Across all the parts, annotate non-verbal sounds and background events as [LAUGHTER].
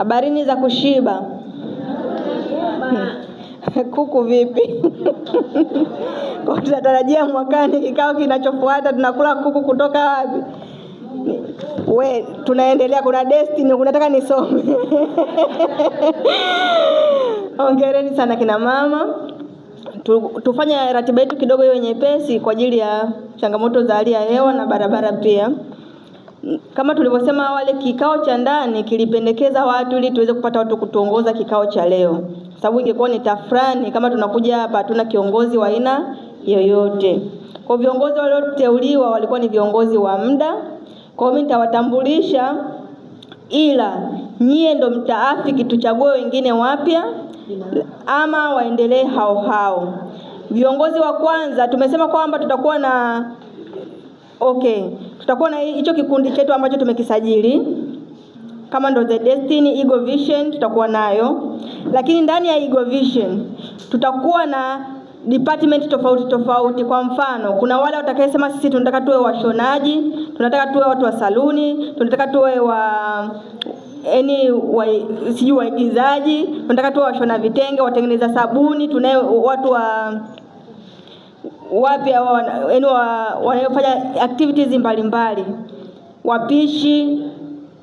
Habarini za kushiba. Hmm. [LAUGHS] Kuku vipi? [LAUGHS] Kwa tunatarajia mwakani kikao kinachofuata tunakula kuku kutoka wapi? We, tunaendelea kuna destiny, unataka nisome? [LAUGHS] Hongereni sana kina mama. Tu, tufanye ratiba yetu kidogo hiyo nyepesi kwa ajili ya changamoto za hali ya hewa na barabara pia kama tulivyosema awali, kikao cha ndani kilipendekeza watu ili tuweze kupata watu kutuongoza kikao cha leo, sababu ingekuwa ni tafrani kama tunakuja hapa hatuna kiongozi wa aina yoyote. Kwa viongozi walioteuliwa walikuwa ni viongozi wa muda, kwa hiyo mimi nitawatambulisha, ila nyie ndo mtaafiki tuchague wengine wapya ama waendelee hao hao. Viongozi wa kwanza tumesema kwamba tutakuwa na okay tutakuwa na hicho kikundi chetu ambacho tumekisajili kama ndo The Destiny ego Vision tutakuwa nayo, lakini ndani ya ego Vision tutakuwa na department tofauti tofauti. Kwa mfano, kuna wale watakayesema sisi tunataka tuwe washonaji, tunataka tuwe watu wa saluni, tunataka tuwe wa yani wa, sijui waigizaji, tunataka tuwe washona vitenge, watengeneza sabuni, tunaye watu wa wapya yaani wanaofanya activities mbalimbali wapishi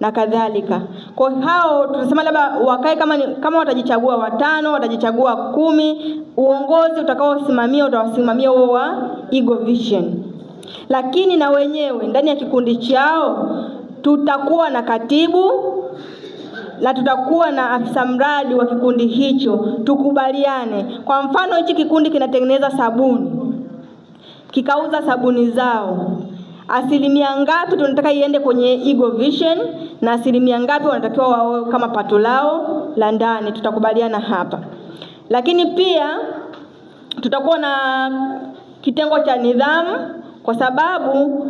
na kadhalika. Kwa hao tunasema labda wakae kama ni, kama watajichagua watano, watajichagua kumi. Uongozi utakaosimamia utawasimamia huo wa Eagle Vision, lakini na wenyewe ndani ya kikundi chao tutakuwa na katibu na tutakuwa na afisa mradi wa kikundi hicho. Tukubaliane, kwa mfano hichi kikundi kinatengeneza sabuni kikauza sabuni zao. Asilimia ngapi tunataka iende kwenye Eagle Vision na asilimia ngapi wanatakiwa wao kama pato lao la ndani, tutakubaliana hapa. Lakini pia tutakuwa na kitengo cha nidhamu, kwa sababu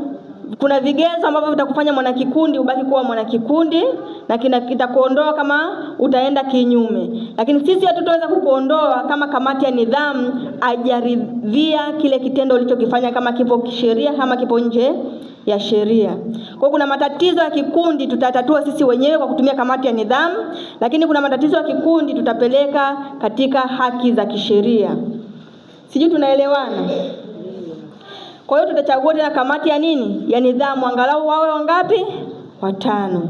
kuna vigezo ambavyo vitakufanya mwanakikundi ubaki kuwa mwanakikundi na kitakuondoa kama utaenda kinyume. Lakini sisi hatutaweza kukuondoa kama kamati ya nidhamu ajaridhia kile kitendo ulichokifanya, kama kipo kisheria, kama kipo nje ya sheria. Kwa kuna matatizo ya kikundi tutatatua sisi wenyewe kwa kutumia kamati ya nidhamu, lakini kuna matatizo ya kikundi tutapeleka katika haki za kisheria. Sijui tunaelewana? Kwa hiyo tutachagua tena kamati ya nini, ya nidhamu, angalau wawe wangapi? Watano.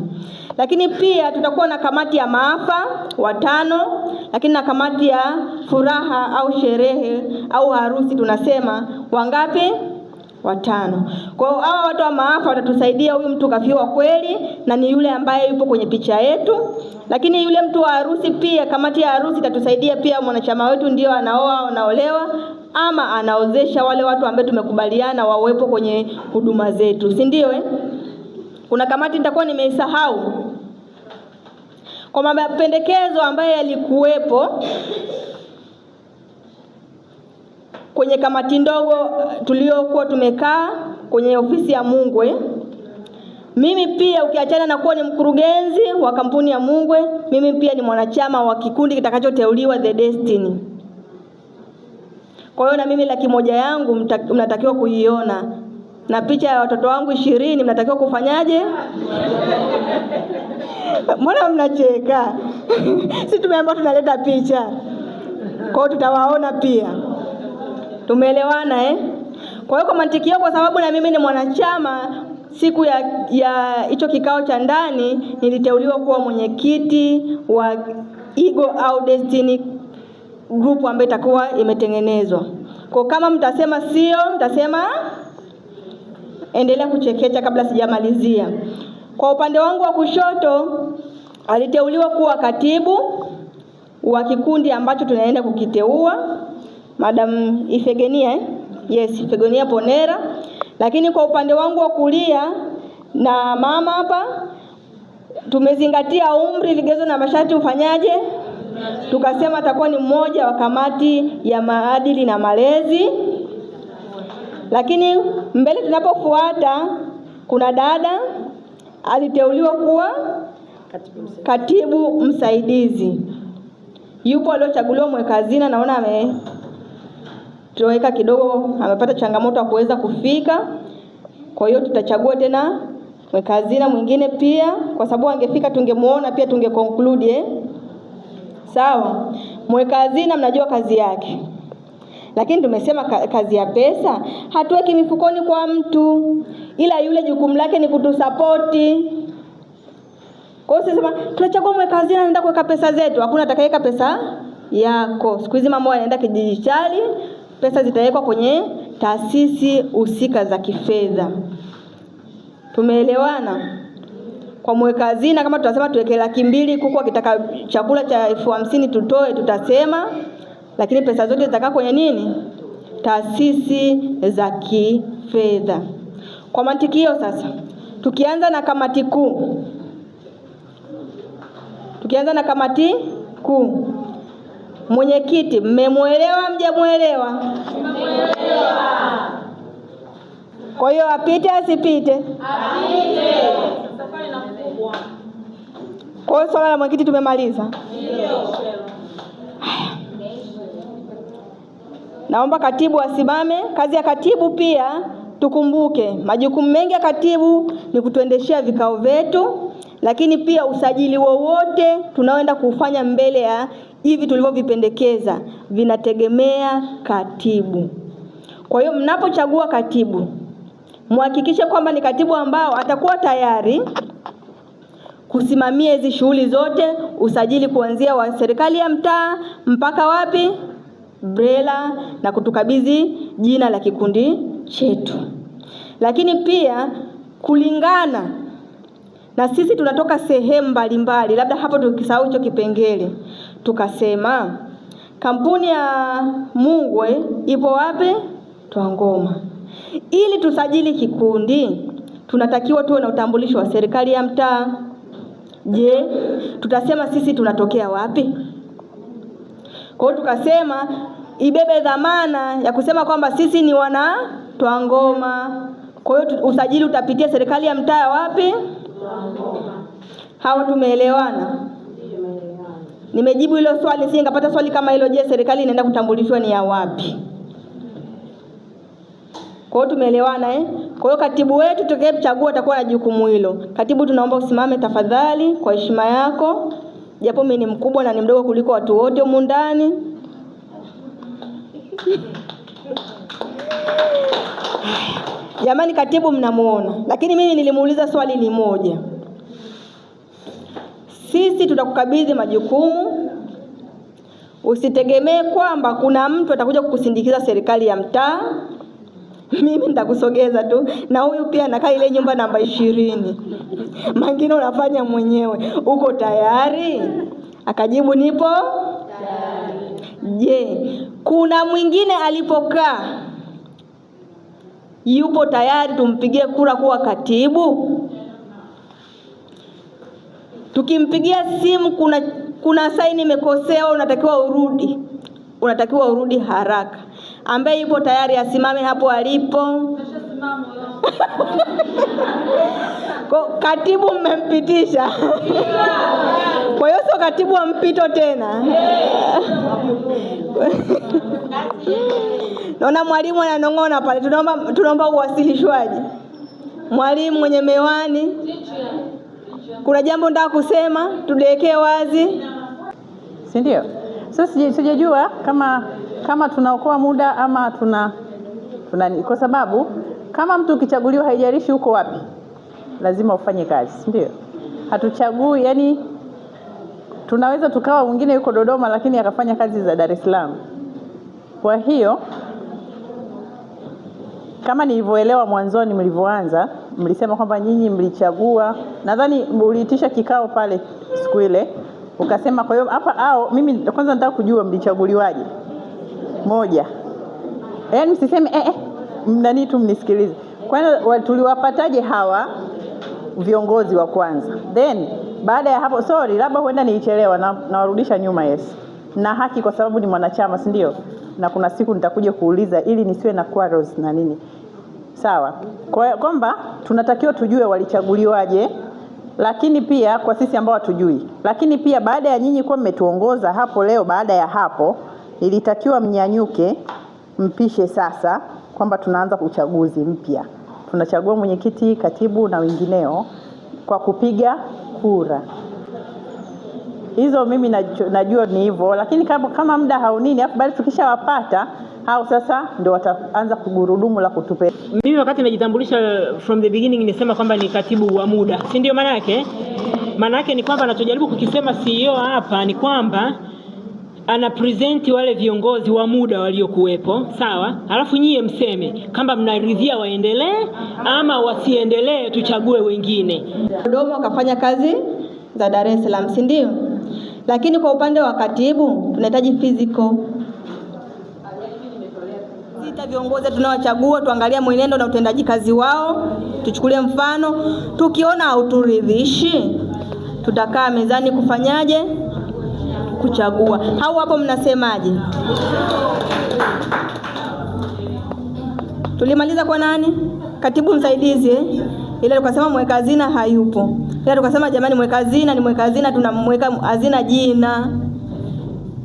Lakini pia tutakuwa na kamati ya maafa watano, lakini na kamati ya furaha au sherehe au harusi tunasema wangapi? Watano. Kwa hiyo hawa watu wa maafa watatusaidia, huyu mtu kafiwa kweli na ni yule ambaye yupo kwenye picha yetu. Lakini yule mtu wa harusi pia, kamati ya harusi itatusaidia pia, mwanachama wetu ndio anaoa, anaolewa ama anaozesha wale watu ambao tumekubaliana wawepo kwenye huduma zetu, si ndio? Eh, kuna kamati nitakuwa nimeisahau kwa mapendekezo ambayo yalikuwepo kwenye kamati ndogo tuliokuwa tumekaa kwenye ofisi ya Mungwe. Mimi pia ukiachana na kuwa ni mkurugenzi wa kampuni ya Mungwe, mimi pia ni mwanachama wa kikundi kitakachoteuliwa The Destiny. Kwa hiyo na mimi laki moja yangu mnatakiwa kuiona, na picha ya watoto wangu ishirini mnatakiwa kufanyaje? [LAUGHS] Mbona mnacheka? [LAUGHS] si tumeambiwa tunaleta picha, kwa hiyo tutawaona pia. Tumeelewana eh? Kwa hiyo kwa mantikio, kwa sababu na mimi ni mwanachama siku ya ya hicho kikao cha ndani niliteuliwa kuwa mwenyekiti wa Eagle au Destiny grupu ambayo itakuwa imetengenezwa. Kwa kama mtasema sio, mtasema endelea kuchekecha kabla sijamalizia. Kwa upande wangu wa kushoto, aliteuliwa kuwa katibu wa kikundi ambacho tunaenda kukiteua Madam Ifegenia, yes, Ifegenia Ponera. Lakini kwa upande wangu wa kulia na mama hapa, tumezingatia umri, vigezo na masharti ufanyaje tukasema atakuwa ni mmoja wa kamati ya maadili na malezi. Lakini mbele tunapofuata, kuna dada aliteuliwa kuwa katibu msaidizi, yupo aliochaguliwa mweka hazina, naona ametoweka kidogo, amepata changamoto ya kuweza kufika. Kwa hiyo tutachagua tena mweka hazina mwingine pia, kwa sababu angefika tungemuona pia tungeconclude eh sawa. Mweka hazina mnajua kazi yake, lakini tumesema kazi ya pesa hatuweki mifukoni kwa mtu, ila yule jukumu lake ni kutusapoti. Kwa hiyo sema tunachagua mweka hazina, anaenda kuweka pesa zetu, hakuna atakayeweka pesa yako. Siku hizi mambo yanaenda kidijitali, pesa zitawekwa kwenye taasisi husika za kifedha. Tumeelewana? Kwa mweka hazina kama tutasema tuweke laki mbili, kuku akitaka chakula cha elfu hamsini tutoe, tutasema, lakini pesa zote zitakaa kwenye nini? Taasisi za kifedha. Kwa mantiki hiyo sasa, tukianza na kamati kuu, tukianza na kamati kuu, mwenyekiti, mmemwelewa mjamwelewa? Kwa hiyo apite asipite? Apite. Kwa hiyo swala la mwenyekiti tumemaliza. Naomba katibu asimame. Kazi ya katibu pia tukumbuke, majukumu mengi ya katibu ni kutuendeshea vikao vyetu, lakini pia usajili wowote tunaoenda kufanya mbele ya hivi tulivyovipendekeza vinategemea katibu. Kwa hiyo mnapochagua katibu, mhakikishe kwamba ni katibu ambao atakuwa tayari kusimamia hizi shughuli zote, usajili kuanzia wa serikali ya mtaa mpaka wapi BRELA, na kutukabidhi jina la kikundi chetu. Lakini pia kulingana na sisi tunatoka sehemu mbalimbali, labda hapo tukisahau hicho kipengele, tukasema kampuni ya Mungwe ipo wapi? Twangoma. Ili tusajili kikundi tunatakiwa tuwe na utambulisho wa serikali ya mtaa. Je, tutasema sisi tunatokea wapi? Kwa hiyo tukasema ibebe dhamana ya kusema kwamba sisi ni wana Twangoma. Kwa hiyo usajili utapitia serikali ya mtaa wapi? Hawa tumeelewana? Nimejibu hilo swali, si ngapata swali kama hilo. Je, serikali inaenda kutambulishwa ni ya wapi? Kwa hiyo tumeelewana eh? Kwa hiyo katibu wetu tutakayemchagua atakuwa na jukumu hilo. Katibu, tunaomba usimame tafadhali kwa heshima yako, japo mimi ni mkubwa na ni mdogo kuliko watu wote humu ndani Jamani, katibu mnamuona, lakini mimi nilimuuliza swali ni moja. Sisi tutakukabidhi majukumu, usitegemee kwamba kuna mtu atakuja kukusindikiza serikali ya mtaa mimi nitakusogeza tu, na huyu pia anakaa ile nyumba namba ishirini. Mangine unafanya mwenyewe, uko tayari? Akajibu, nipo tayari. Je, kuna mwingine alipokaa yupo tayari tumpigie kura kuwa katibu? Tukimpigia simu kuna kuna saini imekosea unatakiwa urudi, unatakiwa urudi haraka ambaye yupo tayari asimame hapo alipo. Katibu mmempitisha. Kwa hiyo sio katibu wa mpito tena. Naona mwalimu ananong'ona pale, tunaomba tunaomba uwasilishwaji. Mwalimu mwenye mewani, kuna jambo nataka kusema, tuliwekee wazi, si ndio? Sasa sijajua kama kama tunaokoa muda ama tuna, tuna kwa sababu kama mtu ukichaguliwa, haijarishi huko wapi, lazima ufanye kazi, ndio hatuchagui. Yani tunaweza tukawa mwingine yuko Dodoma, lakini akafanya kazi za Dar es Salaam. Kwa hiyo kama nilivyoelewa mwanzoni, mlivyoanza mlisema kwamba nyinyi mlichagua, nadhani uliitisha kikao pale siku ile ukasema. Kwa hiyo hapa, au mimi kwanza nataka kujua mlichaguliwaje? moja, yaani msiseme eh, eh, mnani tu mnisikilize. Kwani tuliwapataje hawa viongozi wa kwanza? Then baada ya hapo, sorry, labda huenda niichelewa nawarudisha na nyuma. Yes, na haki kwa sababu ni mwanachama, si ndio? Na kuna siku nitakuja kuuliza ili nisiwe na quarrels na nini, sawa? Kwa kwamba tunatakiwa tujue walichaguliwaje lakini pia kwa sisi ambao hatujui, lakini pia baada ya nyinyi kuwa mmetuongoza hapo leo, baada ya hapo ilitakiwa mnyanyuke mpishe sasa, kwamba tunaanza uchaguzi mpya, tunachagua mwenyekiti, katibu na wengineo kwa kupiga kura hizo. Mimi najua ni hivyo, lakini kama, kama muda haunini, afu bali tukishawapata hao sasa ndio wataanza kugurudumu la kutupe. Mimi wakati najitambulisha uh, from the beginning nimesema kwamba ni katibu wa muda, si ndio? Maana yake maana yake ni kwamba anachojaribu kukisema CEO hapa ni kwamba anapresenti wale viongozi wa muda waliokuwepo, sawa. Alafu nyie mseme kama mnaridhia waendelee ama wasiendelee, tuchague wengine. Dodoma wakafanya kazi za Dar es Salaam, si ndio? Lakini kwa upande wa katibu tunahitaji physical sita viongozi tunaochagua tuangalia mwenendo na utendaji kazi wao, tuchukulie mfano. Tukiona hauturidhishi, tutakaa mezani kufanyaje kuchagua. Hao hapo mnasemaje? Tulimaliza kwa nani? Katibu msaidizi eh? Ila tukasema mweka hazina hayupo, ila tukasema jamani, mweka hazina ni mweka hazina, tunamweka hazina jina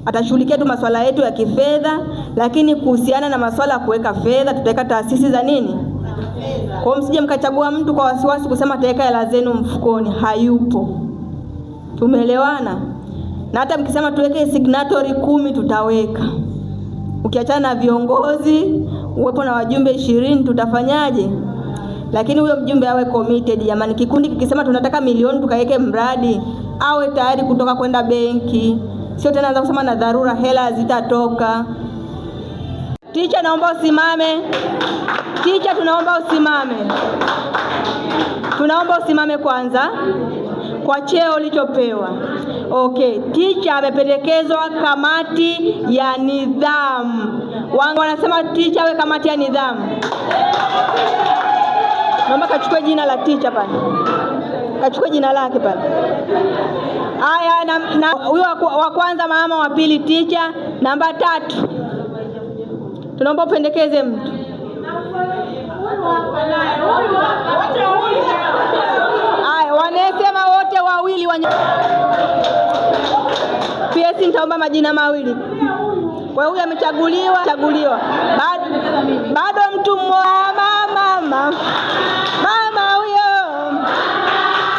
atashughulikia tu masuala yetu ya kifedha, lakini kuhusiana na masuala ya kuweka fedha tutaweka taasisi za nini. Kwa msije mkachagua mtu kwa wasiwasi kusema ataweka hela zenu mfukoni, hayupo. Tumeelewana? na hata mkisema tuweke signatory kumi tutaweka. Ukiachana na viongozi uwepo na wajumbe ishirini tutafanyaje? Lakini huyo mjumbe awe committed jamani. Kikundi kikisema tunataka milioni tukaweke mradi, awe tayari kutoka kwenda benki, sio tena anza kusema na dharura, hela hazitatoka. Ticha, naomba usimame. Ticha, tunaomba usimame, tunaomba usimame kwanza, kwa cheo ulichopewa. Okay, ticha amependekezwa kamati ya nidhamu. Wangu wanasema ticha awe kamati ya nidhamu. Naomba kachukue jina la ticha pale, kachukue jina lake pale. Haya, na, na huyo wa kwanza mama, wa pili ticha. Namba tatu, tunaomba upendekeze mtu wawili wa PS, nitaomba majina mawili. Kwa hiyo huyu amechaguliwa chaguliwa, bado, bado mtu mmoja mama mama mama huyo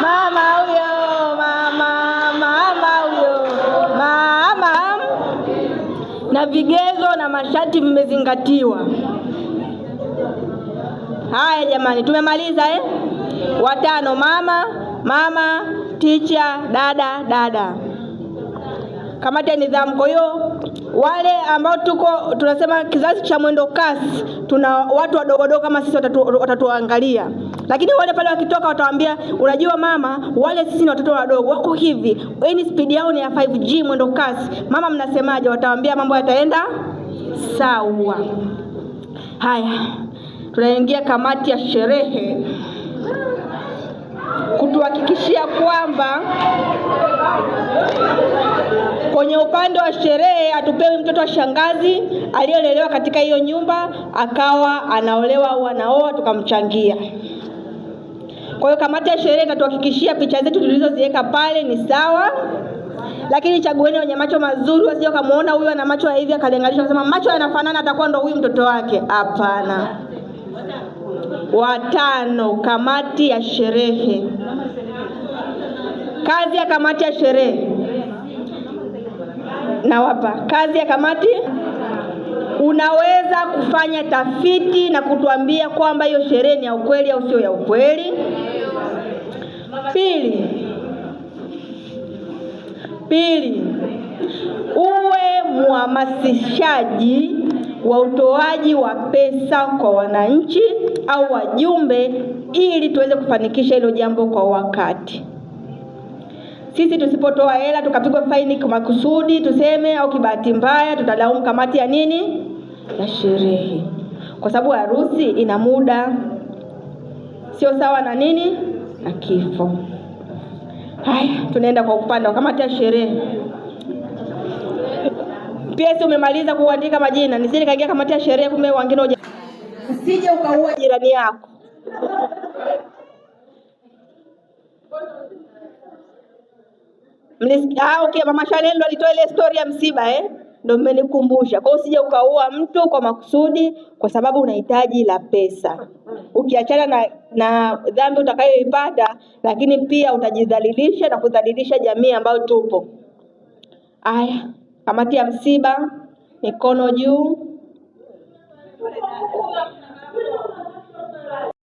mama huyo mama mama huyo mama, na vigezo na masharti vimezingatiwa. Haya jamani, tumemaliza eh? Watano mama mama ticha, dada dada, kamati ya nidhamu. Kwa hiyo wale ambao tuko tunasema kizazi cha mwendo kasi, tuna watu wadogo wadogo kama sisi watatuangalia watatu, lakini wale pale wakitoka watawaambia, unajua mama, wale sisi ni watoto wadogo wako hivi, yani spidi yao ni ya 5G mwendo kasi, mama mnasemaje? Watawaambia mambo yataenda sawa. Haya, tunaingia kamati ya sherehe kutuhakikishia kwamba kwenye upande wa sherehe hatupewi mtoto wa shangazi aliyelelewa katika hiyo nyumba akawa anaolewa au anaoa tukamchangia. Kwa hiyo kamati ya sherehe itatuhakikishia picha zetu tulizoziweka pale ni sawa, lakini chagueni wenye macho mazuri, wasije wakamuona huyu ana macho hivi akalinganisha kusema macho yanafanana, atakuwa ndo huyu mtoto wake. Hapana. Watano, kamati ya sherehe. Kazi ya kamati ya sherehe nawapa kazi ya kamati. Unaweza kufanya tafiti na kutuambia kwamba hiyo sherehe ni ya ukweli au sio ya ukweli. Pili, pili, uwe mhamasishaji wa utoaji wa pesa kwa wananchi au wajumbe, ili tuweze kufanikisha hilo jambo kwa wakati. Sisi tusipotoa hela tukapigwa faini makusudi tuseme, au kibahati mbaya, tutalaumu kamati ya nini ya sherehe, kwa sababu harusi ina muda, sio sawa na nini na kifo. Haya, tunaenda kwa upande wa kamati ya sherehe. Pia si umemaliza kuandika majina, nisije nikaingia kamati ya sherehe, kumbe wengine. Usije ukaua jirani yako. Mlisikia? Ah, okay, mama Shanel ndo alitoa ile story ya msiba eh? Ndo mmenikumbusha. Kwa hiyo usije ukaua mtu kwa makusudi, kwa sababu unahitaji la pesa. Ukiachana na, na dhambi utakayoipata, lakini pia utajidhalilisha na kudhalilisha jamii ambayo tupo. Aya, kamati ya msiba, mikono juu.